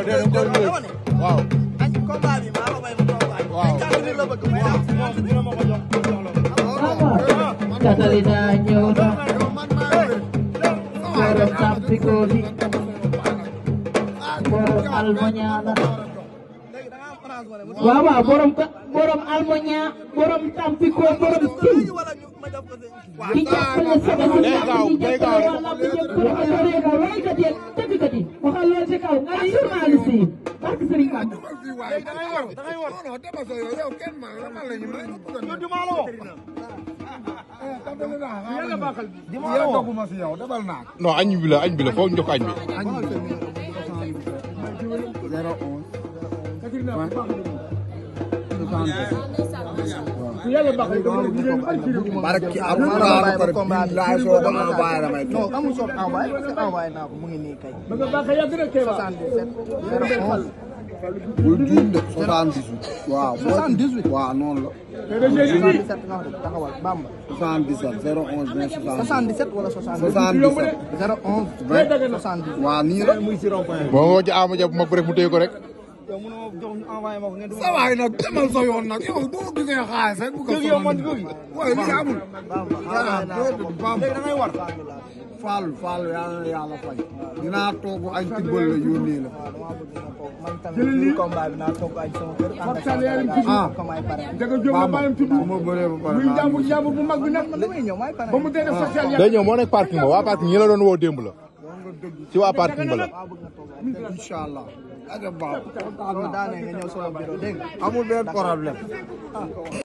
waaw dégg nga dégg borom borom Almoña borom ka borom Almoña waxal loo ci kaw di malo eh, yàlla baaxal naa non añ bi añ bi la njokk añ bi barki alxuraan par billaay soo ko envoyé damay kii. non amul soo ko envoyé parce que envoyé naa ko mu ngi nii kay. 77. bul juum de soixante-dix-huit. waaw soixante-dix-huit waaw noonu la. soixante-dix-sept nga xam ne taxawal Bamba. soixante-dix-sept zéro onze vingt soixante-dix-sept wala soixante-dix-sept zéro onze vingt soixante-dix-sept waaw nii la. boo woo ci Ama Dia bu mag bu rek mu téye ko rek. yow mënoo jox ñu envoyé ma ko ngeen. sa waay nag demal sa yoon nag yow boo gisee xaalis rek. bu ko yow man góor yi. waaye li amul. léegi da ngay war. Fall Fall yàlla yàlla fay. dinaa toog añ ci bël la yónnee la. jëli lii ah. Bamba bu ma bëree ba pare. muy jàmbur jàmbur bu mag bi nag. ba mu dee def social ah. yàlla. day ñëw moo nekk parking ba waa parking ñi la doon woo démb la. ci waa parti Mbala. incha allah. ak baax soo daanee nga ñëw sama bureau dégg amul benn problème.